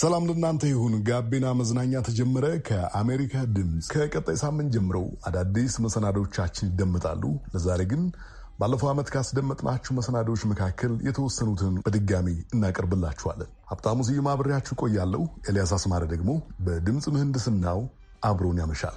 ሰላም ለእናንተ ይሁን። ጋቢና መዝናኛ ተጀመረ። ከአሜሪካ ድምፅ ከቀጣይ ሳምንት ጀምረው አዳዲስ መሰናዶቻችን ይደመጣሉ። ለዛሬ ግን ባለፈው ዓመት ካስደመጥናችሁ መሰናዶዎች መካከል የተወሰኑትን በድጋሚ እናቀርብላችኋለን። ሀብታሙ ስዩም አብሬያችሁ ቆያለሁ። ኤልያስ አስማረ ደግሞ በድምፅ ምህንድስናው አብሮን ያመሻል።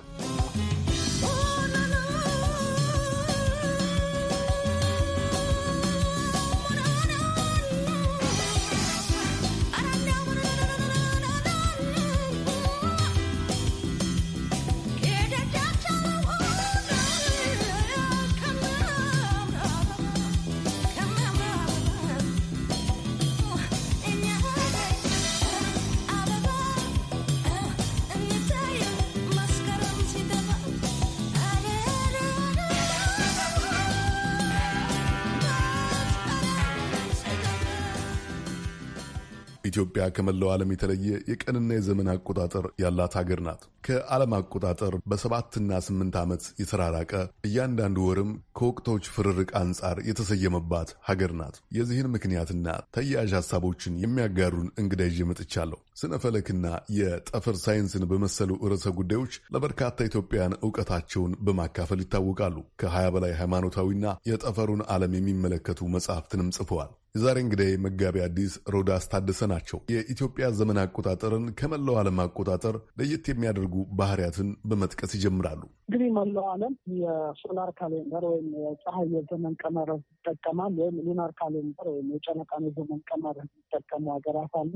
ኢትዮጵያ ከመላው ዓለም የተለየ የቀንና የዘመን አቆጣጠር ያላት ሀገር ናት። ከዓለም አቆጣጠር በሰባትና ስምንት ዓመት የተራራቀ እያንዳንዱ ወርም ከወቅቶች ፍርርቅ አንጻር የተሰየመባት ሀገር ናት። የዚህን ምክንያትና ተያያዥ ሀሳቦችን የሚያጋሩን እንግዳ ይዤ መጥቻለሁ። ስነ ፈለክና የጠፈር ሳይንስን በመሰሉ ርዕሰ ጉዳዮች ለበርካታ ኢትዮጵያውያን እውቀታቸውን በማካፈል ይታወቃሉ። ከሀያ በላይ ሃይማኖታዊና የጠፈሩን ዓለም የሚመለከቱ መጽሐፍትንም ጽፈዋል። የዛሬ እንግዳዬ መጋቢ አዲስ ሮዳስ ታደሰ ናቸው። የኢትዮጵያ ዘመን አቆጣጠርን ከመላው ዓለም አቆጣጠር ለየት የሚያደርጉ ባህሪያትን በመጥቀስ ይጀምራሉ። እንግዲህ መላው ዓለም የሶላር ካሌንደር ወይም የፀሐይ የዘመን ቀመር ይጠቀማል። ወይም ሉናር ካሌንደር ወይም የጨረቃን የዘመን ቀመር የሚጠቀሙ ሀገራት አሉ።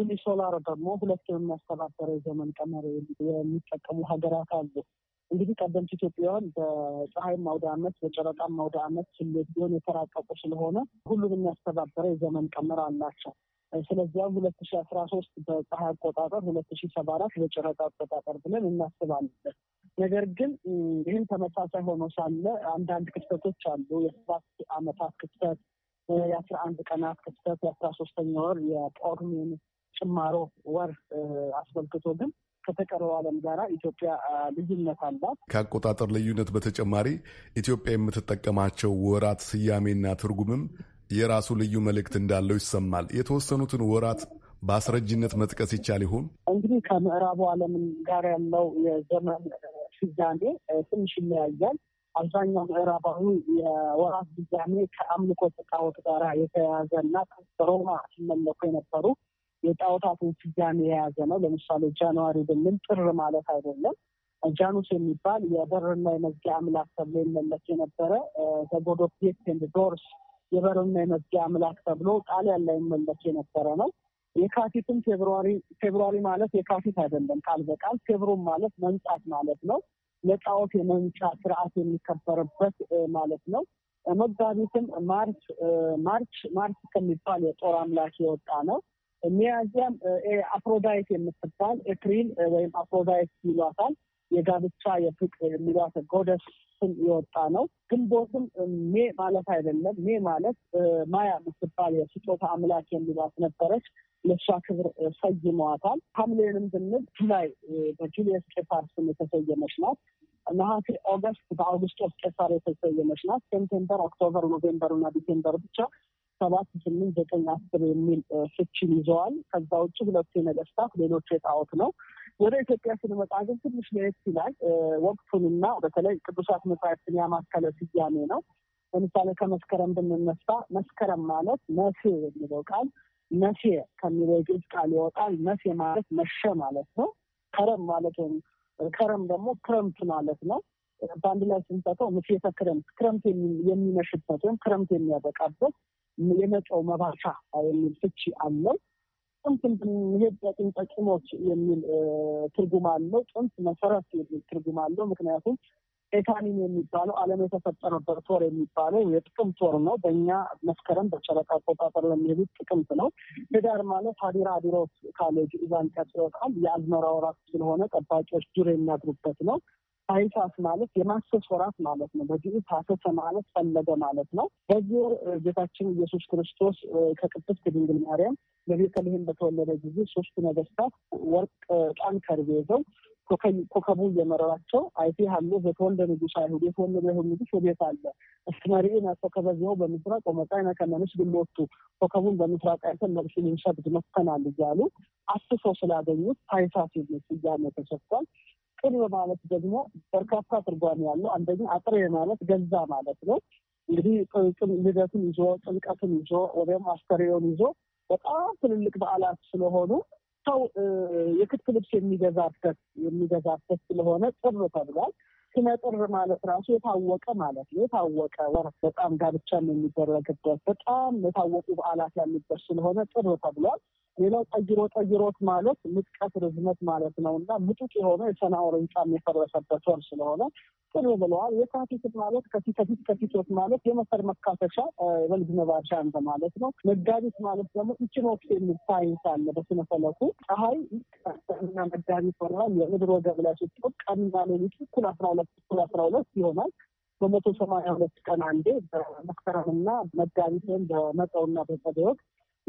ሉኒሶላር ደግሞ ሁለቱን የሚያስተባበረ የዘመን ቀመር የሚጠቀሙ ሀገራት አሉ። እንግዲህ ቀደምት ኢትዮጵያውያን በፀሐይም አውደ ዓመት በጨረቃም አውደ ዓመት ስሌት ቢሆን የተራቀቁ ስለሆነ ሁሉንም የሚያስተባበረ የዘመን ቀመር አላቸው። ስለዚያም ሁለት ሺ አስራ ሶስት በፀሐይ አቆጣጠር ሁለት ሺ ሰባ አራት በጨረቃ አቆጣጠር ብለን እናስባለን። ነገር ግን ይህም ተመሳሳይ ሆኖ ሳለ አንዳንድ ክስተቶች አሉ። የሰባት ዓመታት ክስተት፣ የአስራ አንድ ቀናት ክስተት፣ የአስራ ሶስተኛ ወር የጳጉሜን ጭማሮ ወር አስመልክቶ ግን ከተቀረው ዓለም ጋራ ኢትዮጵያ ልዩነት አላት። ከአቆጣጠር ልዩነት በተጨማሪ ኢትዮጵያ የምትጠቀማቸው ወራት ስያሜና ትርጉምም የራሱ ልዩ መልእክት እንዳለው ይሰማል። የተወሰኑትን ወራት በአስረጅነት መጥቀስ ይቻል ይሆን? እንግዲህ ከምዕራቡ ዓለም ጋር ያለው የዘመን ስያሜ ትንሽ ይለያያል። አብዛኛው ምዕራባዊ የወራት ስያሜ ከአምልኮ ተቃወት ጋር የተያያዘ እና ሮማ ሲመለኩ የነበሩ የጣዖታትን ስያሜ የያዘ ነው። ለምሳሌ ጃንዋሪ ብንል ጥር ማለት አይደለም። ጃኑስ የሚባል የበርና የመዝጊያ አምላክ ተብሎ ይመለክ የነበረ በጎድ ዶርስ የበርና የመዝጊያ አምላክ ተብሎ ጣሊያን ላይ ይመለክ የነበረ ነው። የካቲትም ፌብሩዋሪ ፌብሩዋሪ ማለት የካቲት አይደለም ቃል በቃል ፌብሩም ማለት መንጻት ማለት ነው። ለጣዖት የመንጫ ስርዓት የሚከበርበት ማለት ነው። መጋቢትም ማርች ማርች ማርች ከሚባል የጦር አምላክ የወጣ ነው። ሚያዚያም አፍሮዳይት የምትባል ኤፕሪል ወይም አፕሮዳይት ይሏታል የጋብቻ የፍቅ የሚሏት ጎደስ ስም የወጣ ነው። ግንቦትም ሜ ማለት አይደለም። ሜ ማለት ማያ የምትባል የስጦታ አምላክ የሚሏት ነበረች። ለእሷ ክብር ሰይመዋታል። ሐምሌንም ብንል ጁላይ በጁልየስ ቄሳር ስም የተሰየመች ናት። ነሐሴ ኦገስት በአውግስጦስ ቄሳር የተሰየመች ናት። ሴፕቴምበር፣ ኦክቶበር፣ ኖቬምበር እና ዲሴምበር ብቻ ሰባት ስምንት ዘጠኝ አስር የሚል ፍችን ይዘዋል። ከዛ ውጭ ሁለቱ የነገስታት ሌሎቹ የጣዖት ነው። ወደ ኢትዮጵያ ስንመጣ ግን ትንሽ ለየት ይላል። ወቅቱንና በተለይ ቅዱሳት መጻሕፍትን ያማከለ ስያሜ ነው። ለምሳሌ ከመስከረም ብንነሳ መስከረም ማለት መሴ የሚለው ቃል መሴ ከሚለው የግዕዝ ቃል ይወጣል። መሴ ማለት መሸ ማለት ነው። ከረም ማለት ወይም ከረም ደግሞ ክረምት ማለት ነው። በአንድ ላይ ስንሰተው ምሴተ ክረምት ክረምት የሚመሽበት ወይም ክረምት የሚያበቃበት የመጫው መባቻ የሚል ፍቺ አለው። ጥንት ብንሄድ ጥንተ ቂሞች የሚል ትርጉም አለው። ጥንት መሰረት የሚል ትርጉም አለው። ምክንያቱም ኤታኒን የሚባለው ዓለም የተፈጠረበት ወር የሚባለው የጥቅምት ወር ነው። በእኛ መስከረም በጨረቃ አቆጣጠር ለሚሄዱት ጥቅምት ነው። ህዳር ማለት ሀዲራ ዲሮስ ካሌጅ ኢዛን ቀጥሮታል። የአዝመራ ወራት ስለሆነ ጠባቂዎች ዱር የሚያድሩበት ነው። ታይሳስ ማለት የማሰስ ወራት ማለት ነው። በዚህ ታሰሰ ማለት ፈለገ ማለት ነው። በዚህ ወር ጌታችን ኢየሱስ ክርስቶስ ከቅድስት ድንግል ማርያም በቤተልሔም በተወለደ ጊዜ ሶስቱ ነገስታት ወርቅ፣ ዕጣን፣ ከርቤ ይዘው ኮከቡ እየመረራቸው አይቴ ሀሎ በተወልደ ንጉስ አይሁድ የተወለደ ይሁን ንጉስ ወዴት አለ እስመሪኤ ናቸው ዚአው በምስራቅ ወመጻእነ ከመ ንስግድ ኮከቡን በምስራቅ አይተን መርሱ ልንሰግድ መጥተናል እያሉ አስሰው ስላገኙት ታኅሳስ የሚል ስያሜ ተሰጥቷል። ቅርብ ማለት ደግሞ በርካታ ትርጓሜ ያለው አንደኛ አጥሬ ማለት ገዛ ማለት ነው። እንግዲህ ልደትን ይዞ ጥምቀትን ይዞ ወይም አስተሬውን ይዞ በጣም ትልልቅ በዓላት ስለሆኑ ሰው የክት ልብስ የሚገዛበት የሚገዛበት ስለሆነ ጥር ተብሏል። ስመጥር ማለት ራሱ የታወቀ ማለት ነው። የታወቀ ወር በጣም ጋብቻም የሚደረግበት በጣም የታወቁ በዓላት ያሉበት ስለሆነ ጥር ተብሏል። ሌላው ጠይሮ ጠይሮት ማለት ምጥቀት ርዝመት ማለት ነው እና ምጡቅ የሆነ የሰናዖር ሕንጻም የፈረሰበት ወር ስለሆነ ጥር ብለዋል። የካቲት ማለት ከፊት ከፊት ከፊቶት ማለት የመሰር መካፈሻ የበልግ መባሻ እንደ ማለት ነው። መጋቢት ማለት ደግሞ ኢኪኖክስ የሚል ሳይንስ አለ በስነፈለኩ ፈለኩ ፀሐይ እና መጋቢት ወራል የምድር ወገብ ላይ ስትቆቅ ቀንና ሌሊት እኩል አስራ ሁለት ሁለት አስራ ሁለት ይሆናል በመቶ ሰማንያ ሁለት ቀን አንዴ በመስከረምና መጋቢት ወይም በመጸውና በጸደይ ወቅት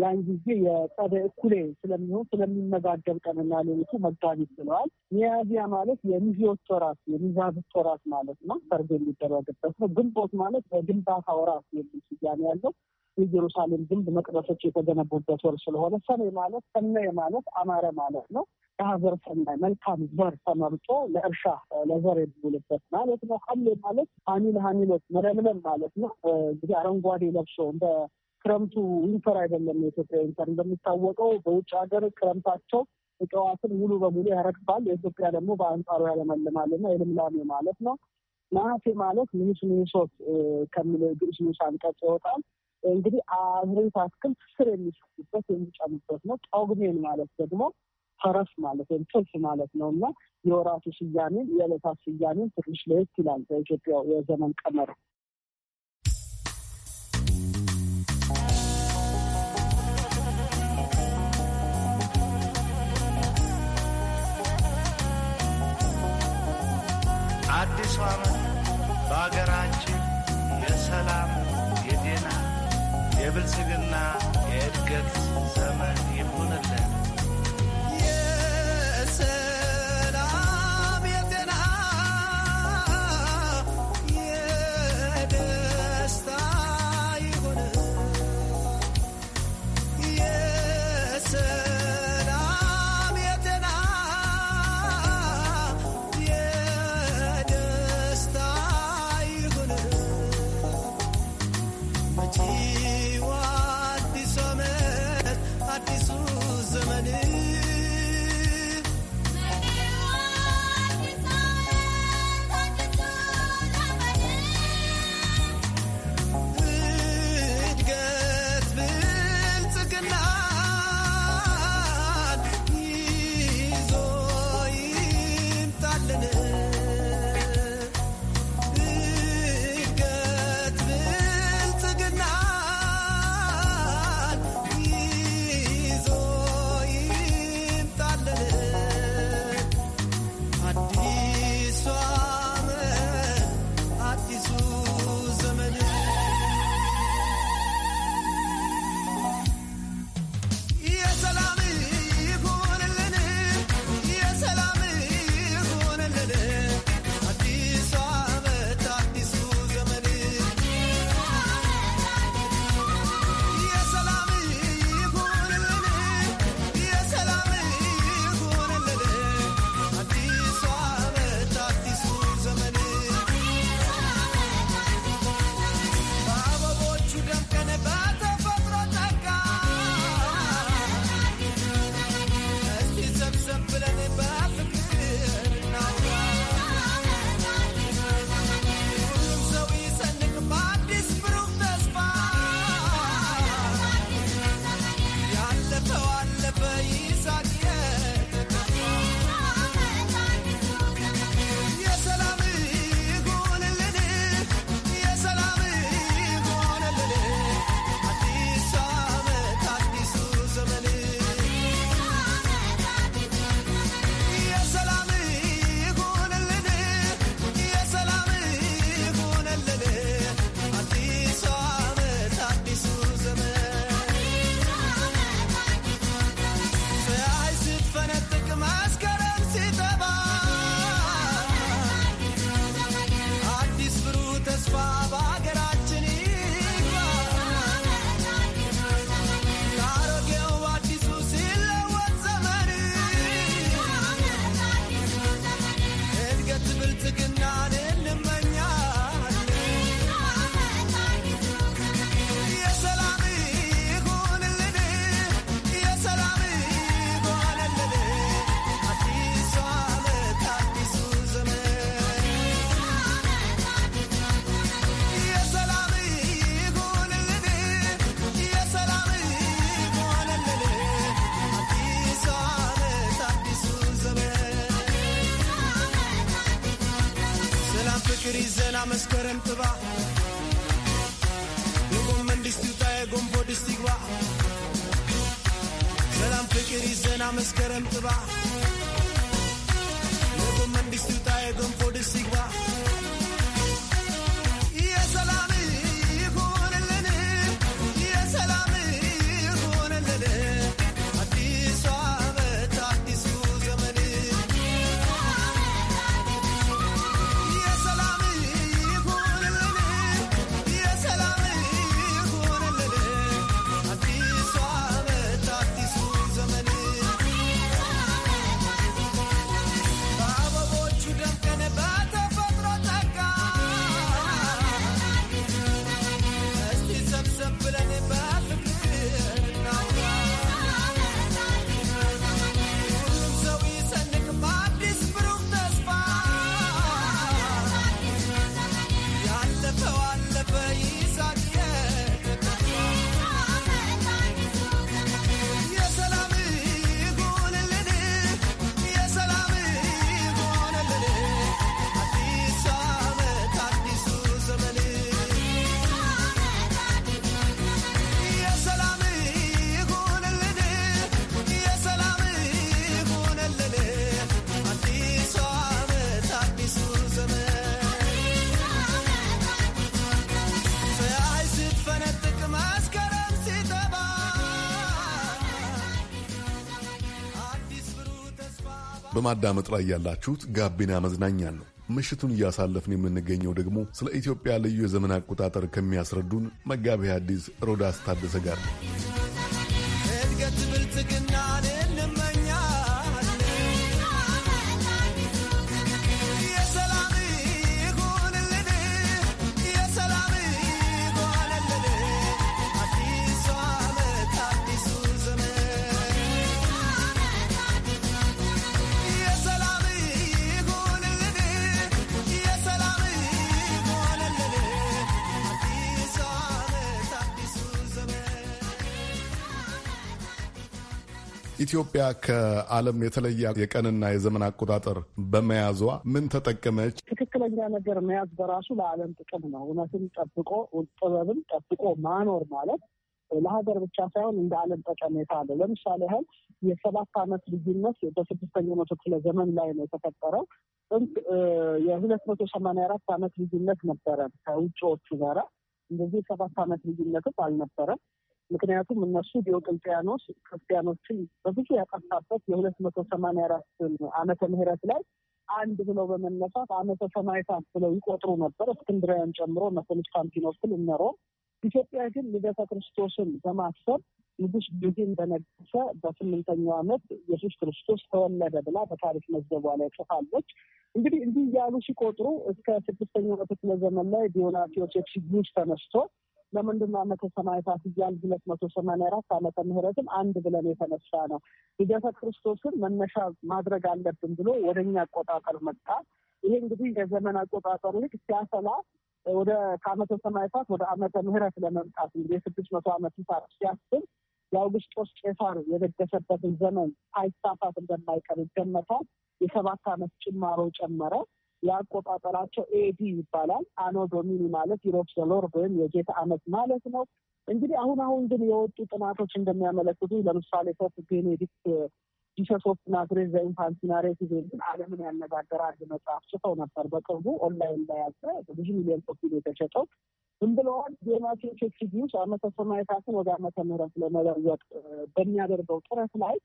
ያን ጊዜ የጸደይ እኩሌ ስለሚሆን ስለሚመጋገብ ቀንና ሌሊቱ መጋቢት ብለዋል። ሚያዝያ ማለት የሚዜዎች ወራት የሚዛብት ወራት ማለት ነው፣ ሰርግ የሚደረግበት ነው። ግንቦት ማለት በግንባታ ወራት የሚል ስያሜ ያለው የኢየሩሳሌም ግንብ መቅደሶች የተገነቡበት ወር ስለሆነ ሰኔ ማለት ሰነ ማለት አማረ ማለት ነው። የሀገር ሰናይ መልካም ዘር ተመርጦ ለእርሻ ለዘር የሚውልበት ማለት ነው። ሀምሌ ማለት ሀሚል ሀሚሎት መለምለም ማለት ነው። እንግዲህ አረንጓዴ ለብሶ እንደ ክረምቱ ዊንተር አይደለም። የኢትዮጵያ ዊንተር እንደሚታወቀው በውጭ ሀገር ክረምታቸው እጽዋትን ሙሉ በሙሉ ያረግፋል። የኢትዮጵያ ደግሞ በአንጻሩ ያለመልማል ያለመልማልና የልምላሜ ማለት ነው። ነሐሴ ማለት ንሱ ንሶት ከሚለው ግዕዝ ንዑስ አንቀጽ ይወጣል። እንግዲህ አብሬት አትክልት ስር የሚሰጡበት የሚጨምበት ነው። ጳጉሜን ማለት ደግሞ ፈረስ ማለት ወይም ጥልፍ ማለት ነው እና የወራቱ ስያሜን የዕለታት ስያሜን ትንሽ ለየት ይላል በኢትዮጵያ የዘመን ቀመር። አዲሱ ዓመት በሀገራችን የሰላም፣ የጤና፣ የብልጽግና፣ የእድገት ዘመን ይሁንልን። Listen. London. በማዳመጥ ላይ ያላችሁት ጋቢና መዝናኛ ነው። ምሽቱን እያሳለፍን የምንገኘው ደግሞ ስለ ኢትዮጵያ ልዩ የዘመን አቆጣጠር ከሚያስረዱን መጋቢ አዲስ ሮዳስ ታደሰ ጋር ነው። ኢትዮጵያ ከዓለም የተለየ የቀንና የዘመን አቆጣጠር በመያዟ ምን ተጠቀመች? ትክክለኛ ነገር መያዝ በራሱ ለዓለም ጥቅም ነው። እውነትን ጠብቆ ጥበብን ጠብቆ ማኖር ማለት ለሀገር ብቻ ሳይሆን እንደ ዓለም ጠቀሜታ አለው። ለምሳሌ ያህል የሰባት ዓመት ልዩነት በስድስተኛው መቶ ክፍለ ዘመን ላይ ነው የተፈጠረው። የሁለት መቶ ሰማንያ አራት ዓመት ልዩነት ነበረ ከውጭዎቹ ጋራ። እንደዚህ የሰባት ዓመት ልዩነትም አልነበረም። ምክንያቱም እነሱ ዲዮቅልጥያኖስ ክርስቲያኖችን በብዙ ያጠፋበት የሁለት መቶ ሰማንያ አራት አመተ ምህረት ላይ አንድ ብለው በመነሳት አመተ ሰማዕታት ብለው ይቆጥሩ ነበር እስክንድሪያን ጨምሮ እነ ኮንስታንቲኖፕል እነ ኢትዮጵያ ግን ልደተ ክርስቶስን በማሰብ ንጉስ ብዜን በነገሰ በስምንተኛው አመት ኢየሱስ ክርስቶስ ተወለደ ብላ በታሪክ መዝገቧ ላይ ጽፋለች። እንግዲህ እንዲህ እያሉ ሲቆጥሩ እስከ ስድስተኛው ክፍለ ዘመን ላይ ዲዮናስዮስ ኤክሲጊዩስ ተነስቶ ለምንድን ነው ዓመተ ሰማዕታት እያል ሁለት መቶ ሰማንያ አራት ዓመተ ምህረትም አንድ ብለን የተነሳ ነው። ልደተ ክርስቶስን መነሻ ማድረግ አለብን ብሎ ወደ እኛ አቆጣጠር መጣ። ይሄ እንግዲህ የዘመን አቆጣጠር ልክ ሲያሰላ ወደ ከዓመተ ሰማዕታት ወደ ዓመተ ምህረት ለመምጣት እንግዲህ የስድስት መቶ ዓመት ሂሳብ ሲያስብ የአውግስጦስ ቄሳር የደገሰበትን ዘመን ሳይሳሳት እንደማይቀር ይገመታል። የሰባት ዓመት ጭማሮ ጨመረ። ያቆጣጠራቸው ኤዲ ይባላል። አኖ ዶሚኒ ማለት ዩሮፕ ዘሎር ወይም የጌታ አመት ማለት ነው። እንግዲህ አሁን አሁን ግን የወጡ ጥናቶች እንደሚያመለክቱ ለምሳሌ ፖፕ ቤኔዲክት ጂሰስ ኦፍ ናዝሬት ዘኢንፋንቲናሬት ግን ዓለምን ያነጋገረ አንድ መጽሐፍ ጽፈው ነበር። በቅርቡ ኦንላይን ላይ ያለ ብዙ ሚሊዮን ኮፒ የተሸጠው ዝም ብለዋል። ዜማቴን ሴክሲቪስ ዓመተ ሰማዕታትን ወደ አመተ ምሕረት ለመለወጥ በሚያደርገው ጥረት ላይ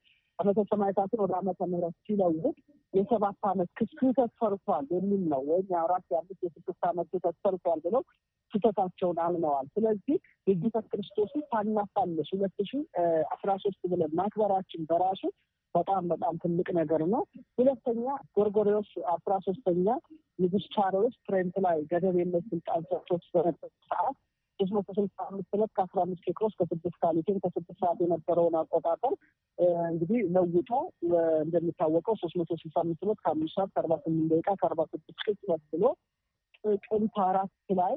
ዓመተ ሰማዕታትን ወደ ዓመተ ምሕረት ሲለውጥ የሰባት ዓመት ክስተት ሰርቷል የሚል ነው። ወይም የአራት የአምስት የስድስት ዓመት ክስተት ሰርቷል ብለው ስህተታቸውን አምነዋል። ስለዚህ የጌታ ክርስቶስን ታናፋለሽ ሁለት ሺ አስራ ሶስት ብለን ማክበራችን በራሱ በጣም በጣም ትልቅ ነገር ነው። ሁለተኛ ጎርጎሪዎስ አስራ ሶስተኛ ንጉስ ቻሮስ ትሬንት ላይ ገደብ የለሽ ስልጣን ሰጥቶት በነበረ ሰዓት ስድስት መቶ ስልሳ አምስት ዕለት ከአስራ አምስት ኬክሮስ ከስድስት ካሉቴን ከስድስት ሰዓት የነበረውን አቆጣጠር እንግዲህ ለውጦ እንደሚታወቀው ሶስት መቶ ስልሳ አምስት ዕለት ከአምስት ሰዓት ከአርባ ስምንት ደቂቃ ከአርባ ስድስት ቅጽበት ብሎ ጥቅምት አራት ላይ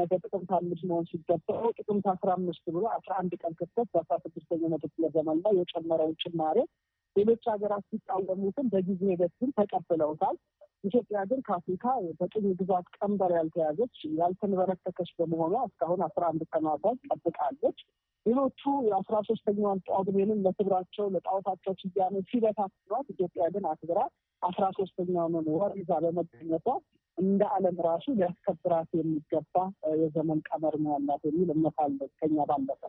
ነገ ጥቅምት አምስት መሆን ሲገባው ጥቅምት አስራ አምስት ብሎ አስራ አንድ ቀን ክፍተት በአስራ ስድስተኛው መቶ ክፍለ ዘመን ላይ የጨመረውን ጭማሬ ሌሎች ሀገራት ሲቃወሙትን በጊዜ ሂደት ግን ተቀብለውታል። ኢትዮጵያ ግን ከአፍሪካ በቅኝ ግዛት ቀንበር ያልተያዘች ያልተንበረከከች በመሆኗ እስካሁን አስራ አንድ ቀናቷን ጠብቃለች። ሌሎቹ የአስራ ሶስተኛዋን ጳጉሜንን ለክብራቸው ለጣዖታቸው ስያሜ ሲበታትኗት ኢትዮጵያ ግን አክብራ አስራ ሶስተኛውን ወር ይዛ በመገኘቷ እንደ ዓለም ራሱ ሊያስከብራት የሚገባ የዘመን ቀመር ነው ያላት የሚል እምነት አለ ከኛ ባለፈ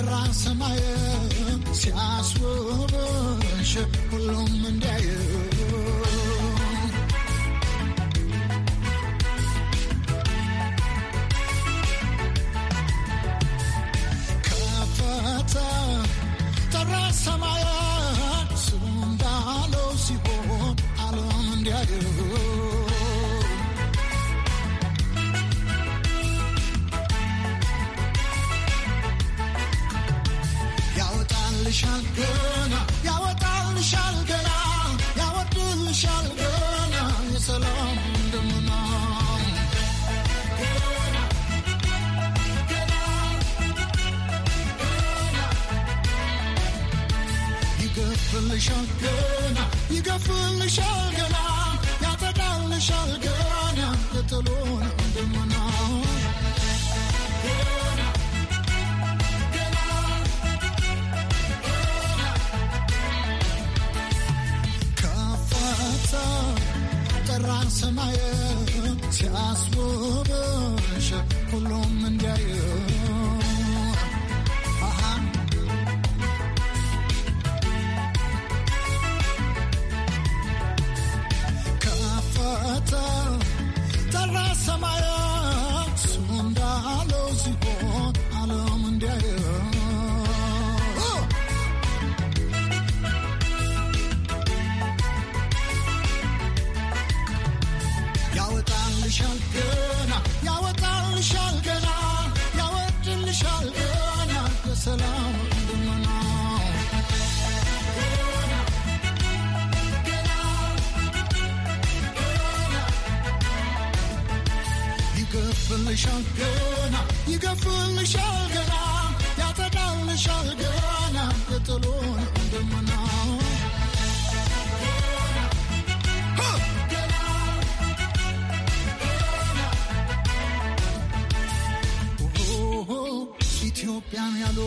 የበራ ሰማይ ሲያስውብሽ ሁሉም እንዳየ ከፈተ ጠራ ሰማይ ስሙ እንዳለው ሲሆን አለም እንዳየ ገና ያወጣልሻል ገና ያወድልሻል ገና የሰላም ሸግና ይገፉል ሸግና ያጠቃል ሸግና የጥሉን ወንድምና ኢትዮጵያን ያሉ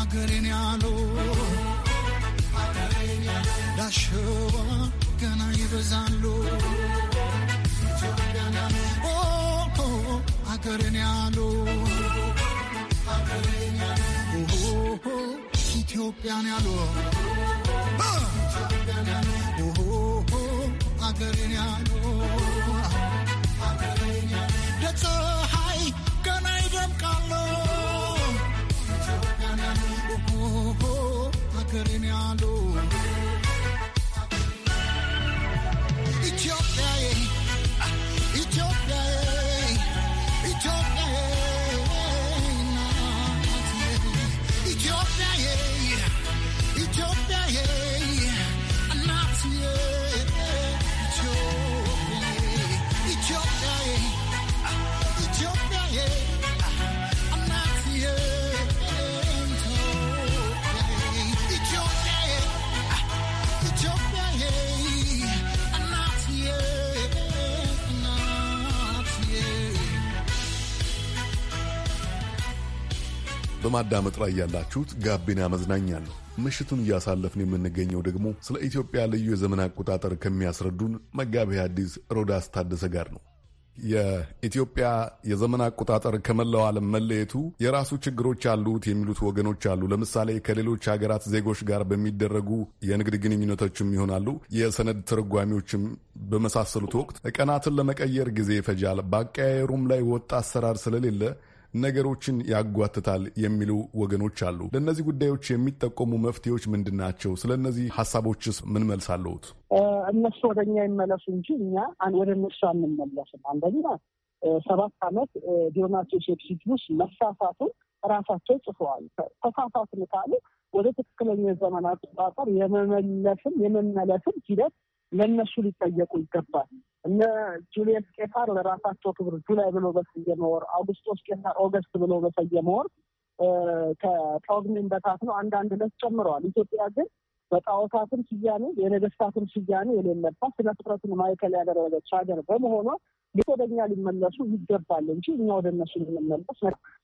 አገሬን ያሉ ዳሸዋ ገና ይበዛሉ አገሬን ያሉ ኢትዮጵያን ያሉ አገርን ያሉ በማዳመጥ ላይ ያላችሁት ጋቢና መዝናኛ ነው። ምሽቱን እያሳለፍን የምንገኘው ደግሞ ስለ ኢትዮጵያ ልዩ የዘመን አቆጣጠር ከሚያስረዱን መጋቢ አዲስ ሮዳስ ታደሰ ጋር ነው። የኢትዮጵያ የዘመን አቆጣጠር ከመላው ዓለም መለየቱ የራሱ ችግሮች አሉት የሚሉት ወገኖች አሉ። ለምሳሌ ከሌሎች ሀገራት ዜጎች ጋር በሚደረጉ የንግድ ግንኙነቶችም ይሆናሉ፣ የሰነድ ተረጓሚዎችም በመሳሰሉት ወቅት ቀናትን ለመቀየር ጊዜ ይፈጃል። በአቀያየሩም ላይ ወጥ አሰራር ስለሌለ ነገሮችን ያጓትታል የሚሉ ወገኖች አሉ። ለእነዚህ ጉዳዮች የሚጠቆሙ መፍትሄዎች ምንድን ናቸው? ስለ እነዚህ ሀሳቦችስ ምን መልስ አለሁት? እነሱ ወደ እኛ ይመለሱ እንጂ እኛ ወደ እነሱ አንመለስም። አንደኛ ሰባት ዓመት ዲዮናቴዎስ ኤክሲቲዩስ መሳሳቱን ራሳቸው ጽፈዋል። ተሳሳትን ካሉ ወደ ትክክለኛ ዘመን አቆጣጠር የመመለስም የመመለስም ሂደት ለእነሱ ሊጠየቁ ይገባል። እነ ጁልየስ ቄሳር ለራሳቸው ክብር ጁላይ ብሎ በሰየመ ወር፣ አውግስቶስ ቄሳር ኦገስት ብሎ በሰየመ ወር ከጦግሚን በታት ነው አንዳንድ ዕለት ጨምረዋል። ኢትዮጵያ ግን በጣዖታትም ስያሜ የነገስታትም ስያሜ የሌለባት ስነ ፍጥረትን ማዕከል ያደረገች ሀገር በመሆኗ ወደ እኛ ሊመለሱ ይገባል እንጂ እኛ ወደ እነሱ ልንመለስ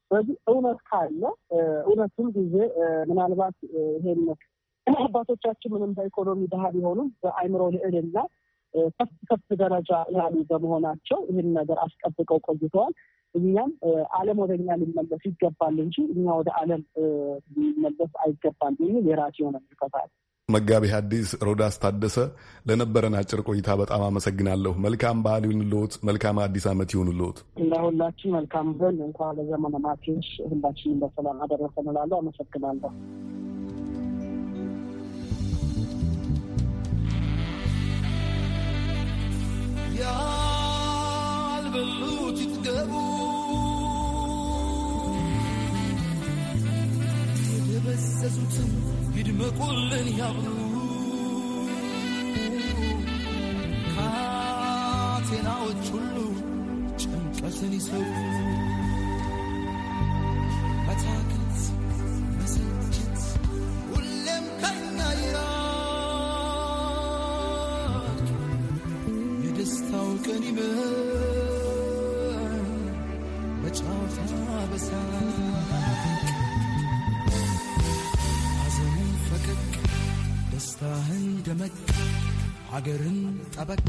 ስለዚህ እውነት ካለ እውነት ጊዜ ምናልባት ይሄን እና አባቶቻችን ምንም በኢኮኖሚ ድሃ ቢሆኑም በአእምሮ ልዕልና ከፍ ከፍ ደረጃ ያሉ በመሆናቸው ይህን ነገር አስጠብቀው ቆይተዋል። እኛም ዓለም ወደ እኛ ሊመለስ ይገባል እንጂ እኛ ወደ ዓለም ሊመለስ አይገባል የሚል የራሴ የሆነ ምልከታ መጋቢ ሐዲስ ሮዳስ ታደሰ ለነበረን አጭር ቆይታ በጣም አመሰግናለሁ። መልካም በዓል ይሁንልዎት። መልካም አዲስ ዓመት ይሁንልዎት። ለሁላችን መልካም ብን እንኳን ለዘመነ ማቴዎስ ሁላችንም በሰላም አደረሰን እላለሁ። አመሰግናለሁ። ያልበሉት ይጥገቡ፣ ይድመቁልን ያብሉ። ሁሉ ጭንቀትን ይሰቡ። በሳቅ ሐዘንን ፈቀቅ ደስታህን ደመቅ ሀገርን ጠበቅ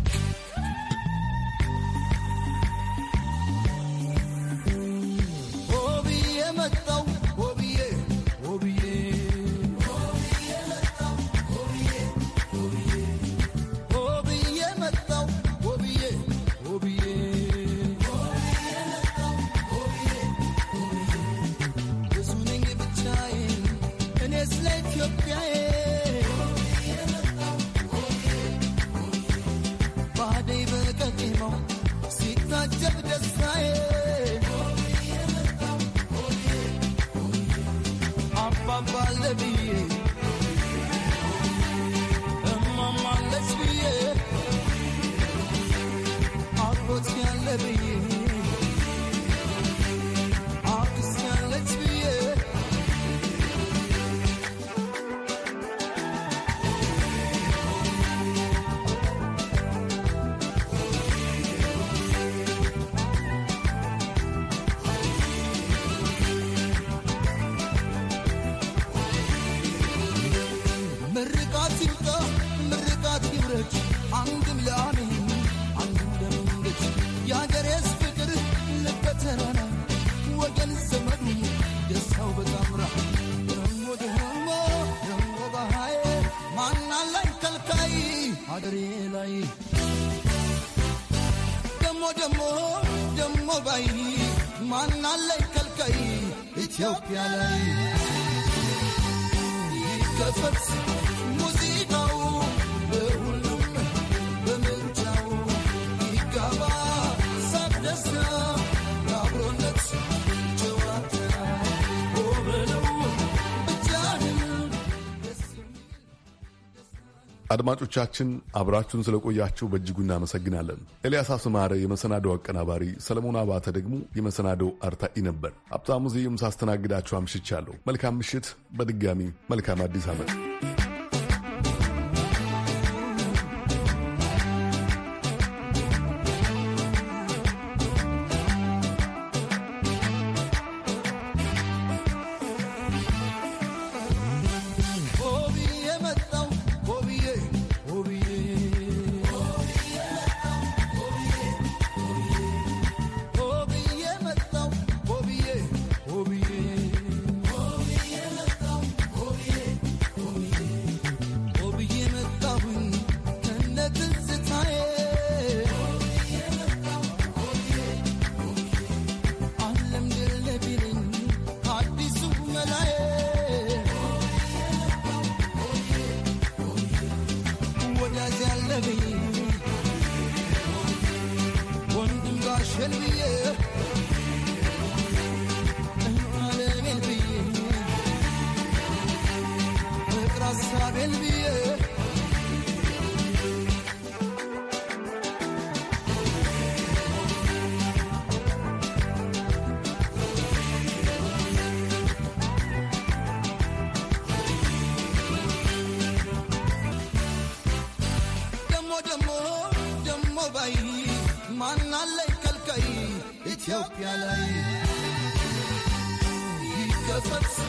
let your pain. ኢትዮጵያ ላይ ይከፈት አድማጮቻችን አብራችሁን ስለቆያችሁ በእጅጉ እናመሰግናለን። ኤልያስ አስማረ የመሰናደው አቀናባሪ፣ ሰለሞን አባተ ደግሞ የመሰናደው አርታኢ ነበር። ሀብታሙ ሙዚየም ሳስተናግዳችሁ አምሽቻለሁ። መልካም ምሽት። በድጋሚ መልካም አዲስ ዓመት። أصحاب البيت Ethiopia, Ethiopia,